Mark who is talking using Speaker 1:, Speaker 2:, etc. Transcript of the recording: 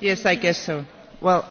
Speaker 1: Yes, I guess so.
Speaker 2: Well,